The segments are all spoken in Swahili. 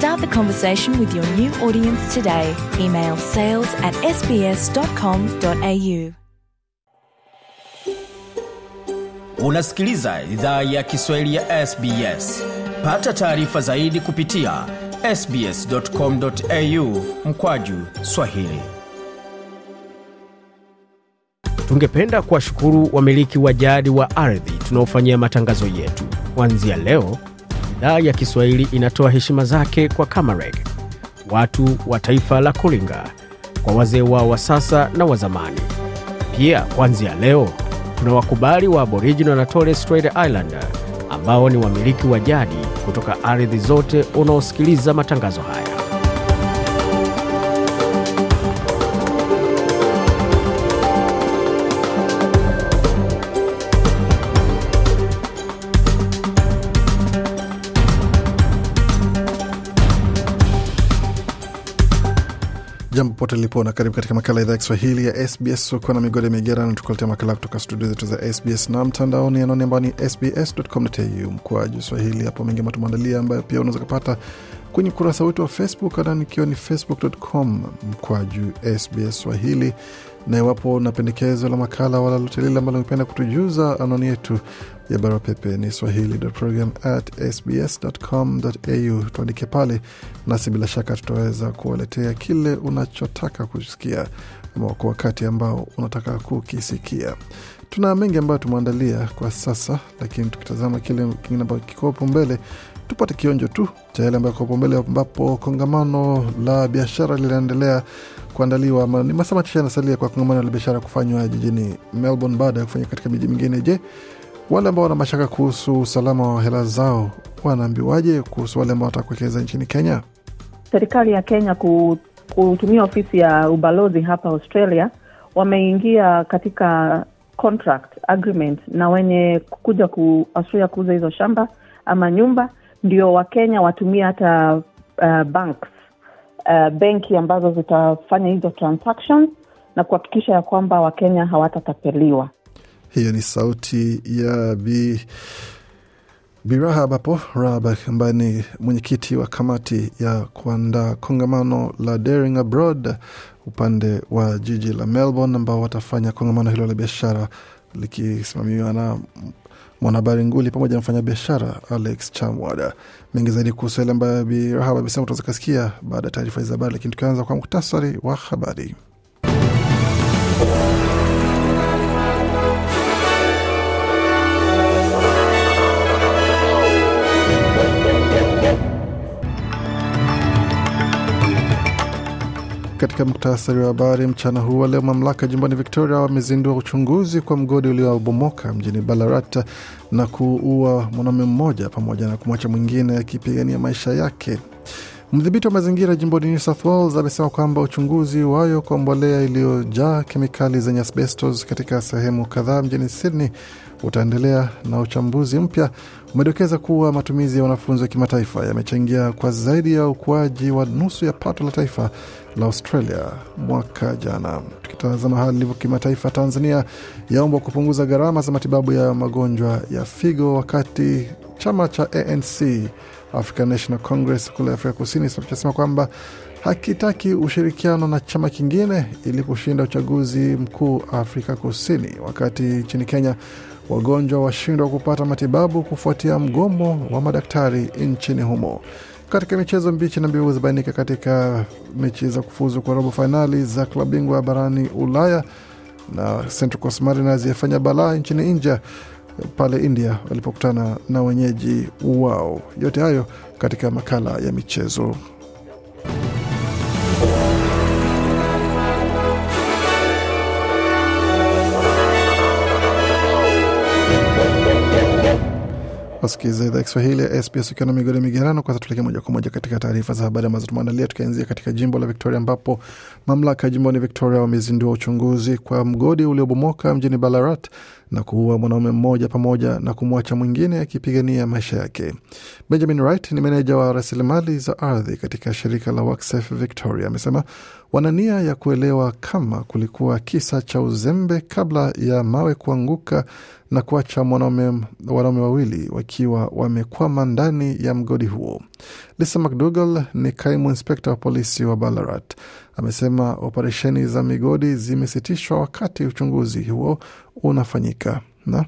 Start the conversation with your new audience today. Email sales at sbs.com.au. Unasikiliza idhaa ya Kiswahili ya SBS. Pata taarifa zaidi kupitia sbs.com.au mkwaju Swahili. Tungependa kuwashukuru wamiliki wa jadi wa ardhi tunaofanyia matangazo yetu. Kuanzia leo idhaa ya Kiswahili inatoa heshima zake kwa Kamareg, watu wa taifa la Kulinga, kwa wazee wao wa sasa na wa zamani. Pia kuanzia leo wakubali wa Aboriginal na Torres Strait Islander ambao ni wamiliki wa jadi kutoka ardhi zote unaosikiliza matangazo haya. jambo pote lipo na karibu katika makala idhaa ya Kiswahili ya SBS ukiwa na migode migera tukuletea makala kutoka studio zetu za SBS na mtandaoni, anaoni ambao ni sbs.com.au juu swahili. Hapo mengi ambayo tumeandalia, ambayo pia unaweza kupata kwenye ukurasa wetu wa Facebook, anwani ikiwa ni facebook.com juu sbs swahili na iwapo na pendekezo la makala wala lote lile ambalo ungependa kutujuza, anwani yetu ya barua pepe ni swahili.program@sbs.com.au. Tuandike pale, nasi bila shaka tutaweza kuwaletea kile unachotaka kusikia ama kwa wakati ambao unataka kukisikia tuna mengi ambayo tumeandalia kwa sasa, lakini tukitazama kile kingine ambayo kikopo mbele, tupate kionjo tu cha yale ambayo kopo mbele, ambapo kongamano la biashara linaendelea kuandaliwa. Ni masaa machache yanasalia kwa kongamano la biashara kufanywa jijini Melbourne baada ya kufanyika katika miji mingine. Je, wale ambao wana mashaka kuhusu usalama wa hela zao wanaambiwaje kuhusu wale ambao wanataka kuwekeza nchini Kenya? Serikali ya Kenya kutumia ofisi ya ubalozi hapa Australia wameingia katika contract agreement na wenye kuja ku kuuza hizo shamba ama nyumba, ndio Wakenya watumie hata uh, banks uh, benki ambazo zitafanya hizo transactions na kuhakikisha ya kwamba Wakenya hawatatapeliwa. Hiyo ni sauti ya bi Bi Rahab hapo ambaye ni mwenyekiti wa kamati ya kuandaa kongamano la Daring Abroad upande wa jiji la Melbourne ambao watafanya kongamano hilo la biashara likisimamiwa na mwanahabari nguli pamoja na mfanya biashara Alex Chamwada. Mengi zaidi kuhusu yale ambayo Bi Rahab amesema utaweza kasikia baada ya taarifa hizi habari, lakini tukianza kwa muktasari wa habari Katika muktasari wa habari mchana huu wa leo, mamlaka jumbani Victoria wamezindua uchunguzi kwa mgodi uliobomoka mjini Ballarat na kuua mwanaume mmoja pamoja na kumwacha mwingine akipigania maisha yake. Mdhibiti wa mazingira jimboni New South Wales amesema kwamba uchunguzi wayo kwa mbolea iliyojaa kemikali zenye asbestos katika sehemu kadhaa mjini Sydney utaendelea na uchambuzi mpya umedokeza kuwa matumizi ya wanafunzi wa kimataifa yamechangia kwa zaidi ya ukuaji wa nusu ya pato la taifa la Australia mwaka jana. Tukitazama hali ilivyo kimataifa, Tanzania yaombwa kupunguza gharama za matibabu ya magonjwa ya figo, wakati chama cha ANC African National Congress kule Afrika Kusini kinasema kwamba hakitaki ushirikiano na chama kingine ili kushinda uchaguzi mkuu Afrika Kusini. Wakati nchini Kenya wagonjwa washindwa kupata matibabu kufuatia mgomo wa madaktari nchini humo. Katika michezo, mbichi na mbivu zibainika katika mechi za kufuzu kwa robo fainali za klabu bingwa barani Ulaya, na Central Coast Mariners yafanya balaa nchini India pale India walipokutana na wenyeji wao. Yote hayo katika makala ya michezo. Wasikiliza idhaa Kiswahili ya SBS ukiwa na migodi migerano. Kwanza tuelekee moja kwa moja katika taarifa za habari ambazo tumeandalia, tukianzia katika jimbo la Victoria ambapo mamlaka ya jimbo ni Victoria wamezindua uchunguzi kwa mgodi uliobomoka mjini Ballarat na kuua mwanaume mmoja pamoja na kumwacha mwingine akipigania maisha yake. Benjamin Wright ni meneja wa rasilimali za ardhi katika shirika la WorkSafe Victoria amesema wana nia ya kuelewa kama kulikuwa kisa cha uzembe kabla ya mawe kuanguka na kuacha wanaume wawili wakiwa wamekwama ndani ya mgodi huo. Lisa McDougall ni kaimu inspekta wa polisi wa Ballarat, amesema operesheni za migodi zimesitishwa wakati uchunguzi huo unafanyika na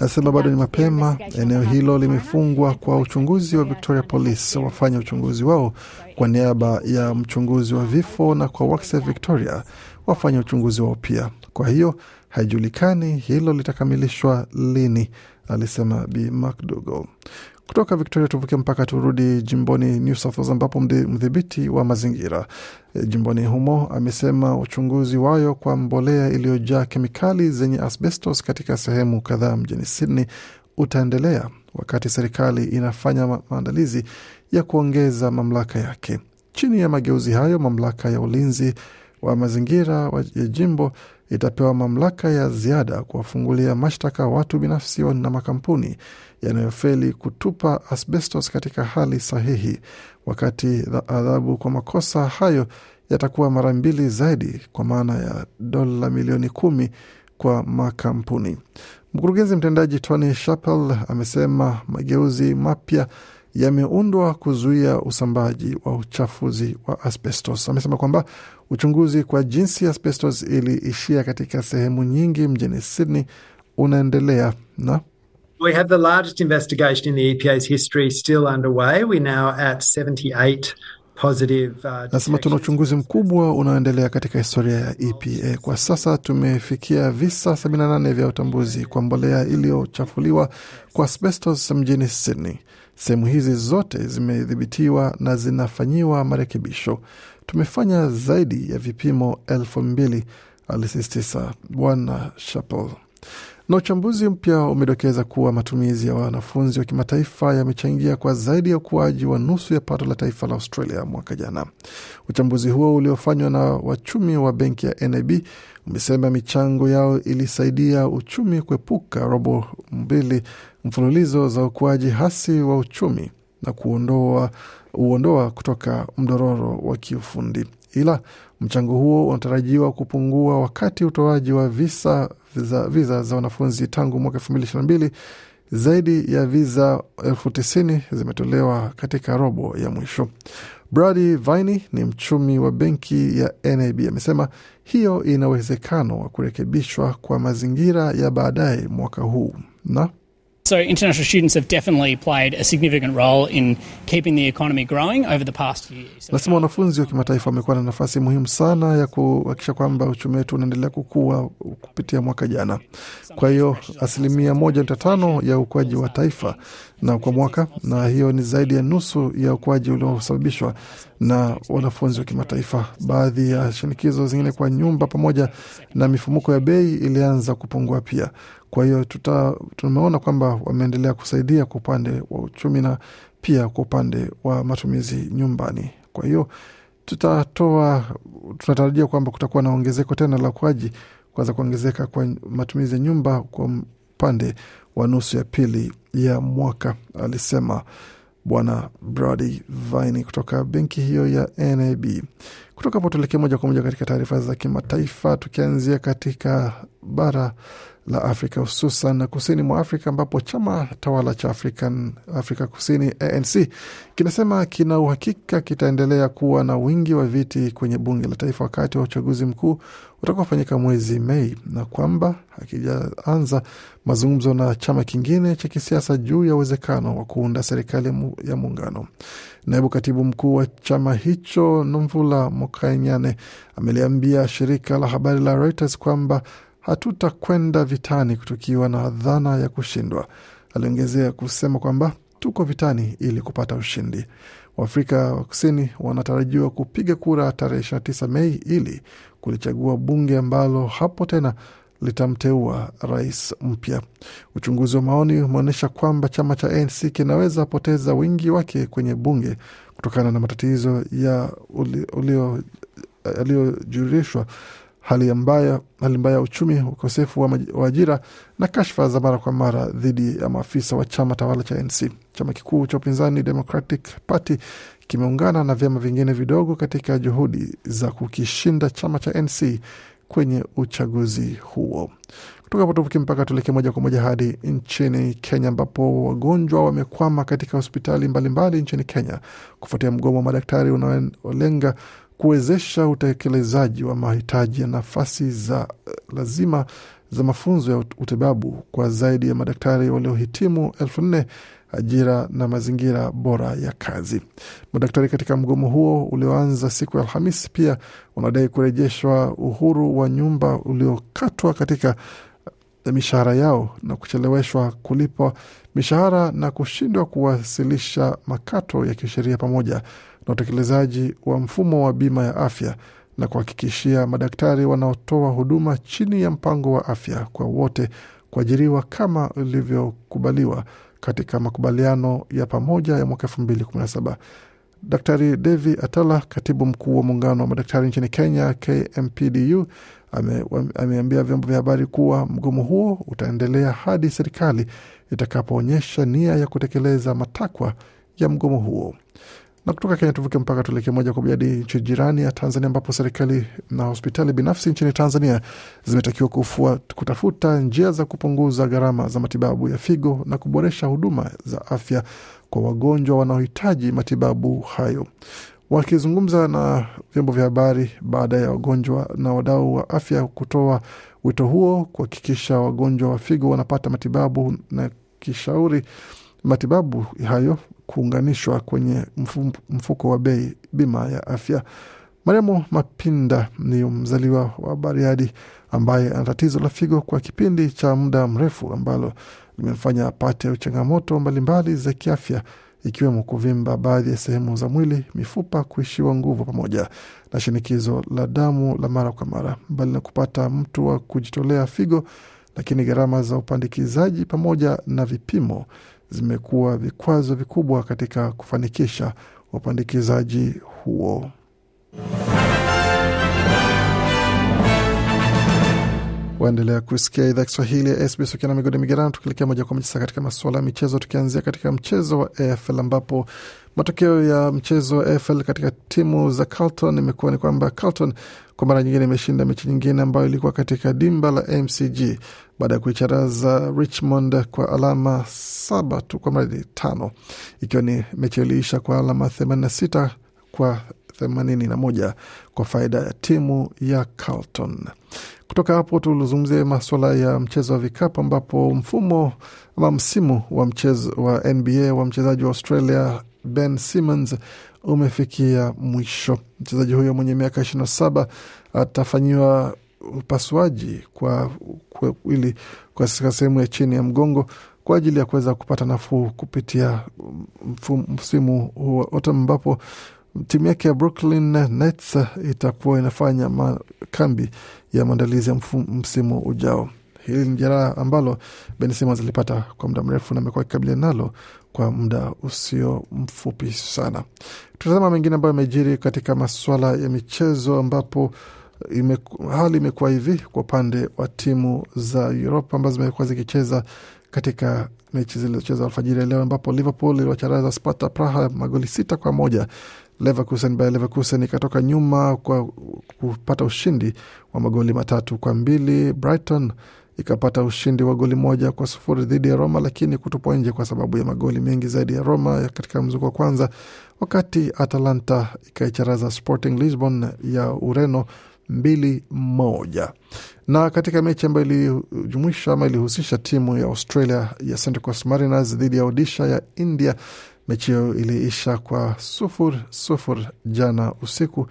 Anasema bado ni mapema, eneo hilo limefungwa kwa uchunguzi wa Victoria Police wafanya uchunguzi wao kwa niaba ya mchunguzi wa vifo na kwa WorkSafe Victoria wafanya uchunguzi wao pia. Kwa hiyo haijulikani hilo litakamilishwa lini, alisema Bi McDougall. Kutoka tuvuke mpaka turudi jimboni New South Wales ambapo mdhibiti wa mazingira e, jimboni humo amesema uchunguzi wayo kwa mbolea iliyojaa kemikali zenye asbestos katika sehemu kadhaa mjini Sydney utaendelea wakati serikali inafanya maandalizi ya kuongeza mamlaka yake. Chini ya mageuzi hayo, mamlaka ya ulinzi wa mazingira ya jimbo itapewa mamlaka ya ziada kuwafungulia mashtaka watu binafsi na makampuni yanayofeli kutupa asbestos katika hali sahihi, wakati adhabu kwa makosa hayo yatakuwa mara mbili zaidi kwa maana ya dola milioni kumi kwa makampuni. Mkurugenzi mtendaji Tony Chappell amesema mageuzi mapya yameundwa kuzuia usambaji wa uchafuzi wa asbestos. Amesema kwamba uchunguzi kwa jinsi asbestos iliishia katika sehemu nyingi mjini Sydney unaendelea na We have the largest investigation in the EPA's history still underway. We're now at 78 Uh, nasema tuna uchunguzi mkubwa unaoendelea katika historia ya EPA. Kwa sasa tumefikia visa 78 vya utambuzi kwa mbolea iliyochafuliwa kwa asbestos mjini Sydney. Sehemu hizi zote zimedhibitiwa na zinafanyiwa marekebisho. Tumefanya zaidi ya vipimo elfu mbili, alisisitiza Bwana Chappell. Na uchambuzi mpya umedokeza kuwa matumizi ya wanafunzi wa kimataifa yamechangia kwa zaidi ya ukuaji wa nusu ya pato la taifa la Australia mwaka jana. Uchambuzi huo uliofanywa na wachumi wa benki ya NAB umesema michango yao ilisaidia uchumi kuepuka robo mbili mfululizo za ukuaji hasi wa uchumi na kuondoa uondoa kutoka mdororo wa kiufundi ila mchango huo unatarajiwa kupungua wakati utoaji wa visa za viza za wanafunzi tangu mwaka elfu mbili ishirini na mbili zaidi ya viza elfu tisini zimetolewa katika robo ya mwisho. Brady Vini ni mchumi wa benki ya NAB amesema hiyo ina uwezekano wa kurekebishwa kwa mazingira ya baadaye mwaka huu na So, international students have definitely played a significant role in keeping the economy growing over the past few years. Nasema wanafunzi wa kimataifa wamekuwa na nafasi muhimu sana ya kuhakikisha kwamba uchumi wetu unaendelea kukua kupitia mwaka jana. Kwa hiyo asilimia moja nukta tano ya ukuaji wa taifa na kwa mwaka, na hiyo ni zaidi ya nusu ya ukuaji uliosababishwa na wanafunzi wa kimataifa. Baadhi ya shinikizo zingine kwa nyumba pamoja na mifumuko ya bei ilianza kupungua pia. Kwa hiyo tumeona kwamba wameendelea kusaidia kwa upande wa uchumi na pia kwa upande wa matumizi nyumbani. Kwa hiyo tutatoa, tunatarajia kwamba kutakuwa na ongezeko tena la ukuaji, kwanza kuongezeka kwa matumizi ya nyumba kwa upande wa nusu ya pili ya mwaka, alisema Bwana Brady Vine kutoka benki hiyo ya NAB. Kutoka hapo tuelekee moja kwa moja katika taarifa za kimataifa, tukianzia katika bara la Afrika hususan na kusini mwa Afrika ambapo chama tawala cha African, Afrika Kusini ANC kinasema kina uhakika kitaendelea kuwa na wingi wa viti kwenye bunge la taifa wakati wa uchaguzi mkuu utakaofanyika mwezi Mei na kwamba hakijaanza mazungumzo na chama kingine cha kisiasa juu ya uwezekano wa kuunda serikali ya muungano. Naibu katibu mkuu wa chama hicho Nomvula Mokanyane ameliambia shirika la habari la Reuters kwamba hatutakwenda vitani tukiwa na dhana ya kushindwa. Aliongezea kusema kwamba tuko vitani ili kupata ushindi. Waafrika wa Kusini wanatarajiwa kupiga kura tarehe 29 Mei ili kulichagua bunge ambalo hapo tena litamteua rais mpya. Uchunguzi wa maoni umeonyesha kwamba chama cha ANC kinaweza poteza wingi wake kwenye bunge kutokana na matatizo ya eh, hali mbaya hali mbaya ya uchumi, ukosefu wa ajira na kashfa za mara kwa mara dhidi ya maafisa wa chama tawala cha NC. Chama kikuu cha upinzani Democratic Party kimeungana na vyama vingine vidogo katika juhudi za kukishinda chama cha NC kwenye uchaguzi huo. Kutoka Potofuki mpaka tuleke moja kwa moja hadi nchini Kenya, ambapo wagonjwa wamekwama katika hospitali mbalimbali mbali nchini Kenya kufuatia mgomo wa madaktari unaolenga kuwezesha utekelezaji wa mahitaji ya nafasi za eh, lazima za mafunzo ya utibabu kwa zaidi ya madaktari waliohitimu elfu nne ajira na mazingira bora ya kazi. Madaktari katika mgomo huo ulioanza siku ya Alhamis pia wanadai kurejeshwa uhuru wa nyumba uliokatwa katika eh, mishahara yao na kucheleweshwa kulipwa mishahara na kushindwa kuwasilisha makato ya kisheria pamoja na utekelezaji wa mfumo wa bima ya afya na kuhakikishia madaktari wanaotoa huduma chini ya mpango wa afya kwa wote kuajiriwa kama ilivyokubaliwa katika makubaliano ya pamoja ya mwaka 2017. Daktari Devi Atala, katibu mkuu wa muungano wa madaktari nchini Kenya, KMPDU, ameambia vyombo vya habari kuwa mgomo huo utaendelea hadi serikali itakapoonyesha nia ya kutekeleza matakwa ya mgomo huo. Na kutoka Kenya tuvuke mpaka tuelekee moja kwa moja hadi nchi jirani ya Tanzania, ambapo serikali na hospitali binafsi nchini Tanzania zimetakiwa kufua, kutafuta njia za kupunguza gharama za matibabu ya figo na kuboresha huduma za afya kwa wagonjwa wanaohitaji matibabu hayo. Wakizungumza na vyombo vya habari baada ya wagonjwa na wadau wa afya kutoa wito huo, kuhakikisha wagonjwa wa figo wanapata matibabu na kishauri matibabu hayo kuunganishwa kwenye mfuko wa bei bima ya afya. Mariamu Mapinda ni mzaliwa wa Bariadi ambaye ana tatizo la figo kwa kipindi cha muda mrefu ambalo limemfanya apate changamoto mbalimbali za kiafya ikiwemo kuvimba baadhi ya sehemu za mwili, mifupa kuishiwa nguvu, pamoja na shinikizo la damu la mara kwa mara. Mbali na kupata mtu wa kujitolea figo, lakini gharama za upandikizaji pamoja na vipimo zimekuwa vikwazo vikubwa katika kufanikisha upandikizaji huo. Waendelea kusikia idhaa Kiswahili ya SBS ukiwa na migodi migerano, tukielekea moja kwa moja sasa katika masuala ya michezo, tukianzia katika mchezo wa AFL ambapo matokeo ya mchezo wa AFL katika timu za Carlton imekuwa ni kwamba Carlton kwa mara nyingine imeshinda mechi nyingine ambayo ilikuwa katika dimba la MCG baada ya kuicharaza Richmond kwa alama saba tu kwa mradhi tano, ikiwa ni mechi iliisha kwa alama 86 kwa 81 kwa faida ya timu ya Carlton. Kutoka hapo tuzungumzie masuala ya mchezo wa vikapu ambapo mfumo ama msimu wa mchezo wa NBA wa mchezaji wa Australia Ben Simmons umefikia mwisho. Mchezaji huyo mwenye miaka 27 atafanyiwa upasuaji kwa, kwa, ili katika sehemu ya chini ya mgongo kwa ajili ya kuweza kupata nafuu kupitia msimu wa otam ambapo timu yake ya Brooklyn Nets itakuwa inafanya makambi ya maandalizi ya msimu ujao. Hili ni jeraha ambalo Ben zilipata kwa muda mrefu na amekuwa akikabilia nalo kwa muda usio mfupi sana. Tutazama mengine ambayo amejiri katika masuala ya michezo ambapo ime, hali imekuwa hivi kwa upande wa timu za Uropa ambazo zimekuwa zikicheza katika mechi zilizocheza alfajiri ya leo ambapo Liverpool iliwacharaza Sparta Praha magoli sita kwa moja. Leverkusen by Leverkusen ikatoka nyuma kwa kupata ushindi wa magoli matatu kwa mbili. Brighton ikapata ushindi wa goli moja kwa sufuri dhidi ya Roma, lakini kutupwa nje kwa sababu ya magoli mengi zaidi ya Roma katika mzunguko wa kwanza, wakati Atalanta ikaicharaza Sporting Lisbon ya Ureno mbili moja. Na katika mechi ambayo ilijumuisha ama ilihusisha timu ya Australia ya Central Coast Mariners dhidi ya Odisha ya India, mechi hiyo iliisha kwa sufur sufur jana usiku,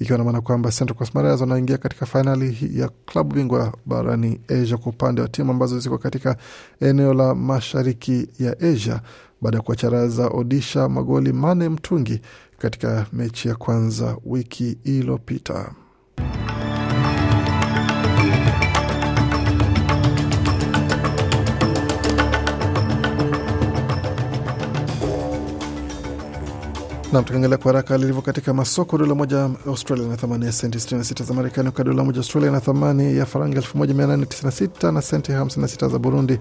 ikiwa na maana kwamba Central Coast Mariners wanaingia katika fainali ya klabu bingwa barani Asia kwa upande wa timu ambazo ziko katika eneo la mashariki ya Asia baada ya kuwacharaza Odisha magoli mane mtungi katika mechi ya kwanza wiki iliyopita. Nam, tukiangalia kwa haraka lilivyo katika masoko, dola moja Australia na thamani ya senti 66 za Marekani, wakati dola moja Australia na thamani ya faranga 1896 na senti 56 za Burundi,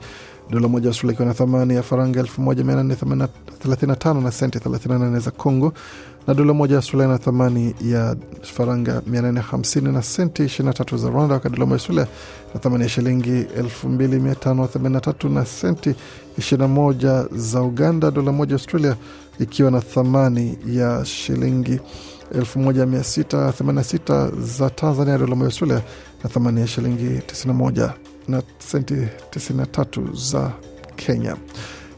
dola moja Australia ikiwa na thamani ya faranga 1835 na senti 38 za Congo, na dola moja Australia na thamani ya faranga 850 na senti 23 za Rwanda, wakati dola moja Australia na thamani ya shilingi 2583 na senti 21 za Uganda, dola moja Australia ikiwa na thamani ya shilingi 1686 za Tanzania, dola moja Australia, na thamani ya shilingi 91 na senti 93 za Kenya.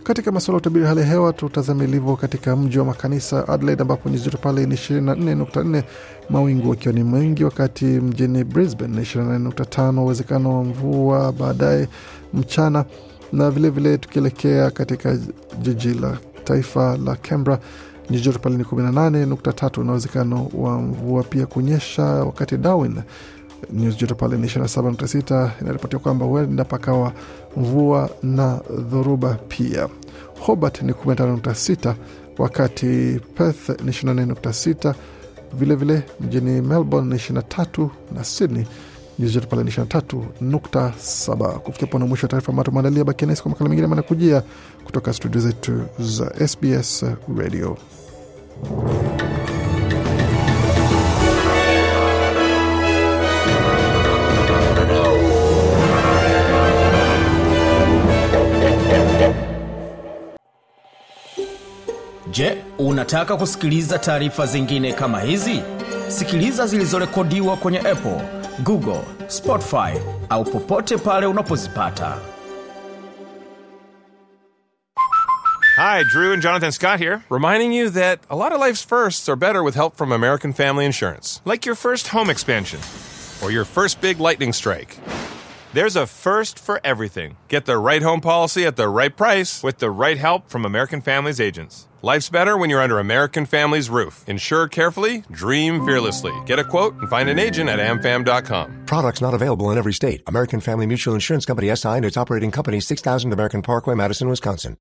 Katika masuala ya utabiri hali ya hewa, tutazame ilivyo katika mji wa makanisa Adelaide, ambapo nyuzi joto pale ni 24.4, mawingu wakiwa ni mengi, wakati mjini Brisbane ni 24.5, uwezekano wa mvua baadaye mchana, na vilevile tukielekea katika jiji la taifa la Canberra nyuzi joto pale ni 18.3 na uwezekano wa mvua pia kunyesha, wakati Darwin nyuzi joto pale ni 27.6. Inaripotiwa kwamba huenda pakawa mvua na dhoruba pia. Hobart ni 15.6, wakati Perth ni 24.6, vilevile mjini Melbourne ni 23 na Sydney nyuzi pale ni 23.7. Kufikia pona mwisho wa taarifa ambayo tumeandalia, bakia nasi kwa makala mengine manakujia kutoka studio zetu za SBS Radio. Je, unataka kusikiliza taarifa zingine kama hizi? Sikiliza zilizorekodiwa kwenye Apple Google, Spotify au popote pale unapozipata. Hi, Drew and Jonathan Scott here, reminding you that a lot of life's firsts are better with help from American Family Insurance, like your first home expansion or your first big lightning strike. There's a first for everything. Get the right home policy at the right price with the right help from American Family's agents. Life's better when you're under American Family's roof. Insure carefully, dream fearlessly. Get a quote and find an agent at amfam.com. Products not available in every state. American Family Mutual Insurance Company SI and its operating company 6000 American Parkway, Madison, Wisconsin.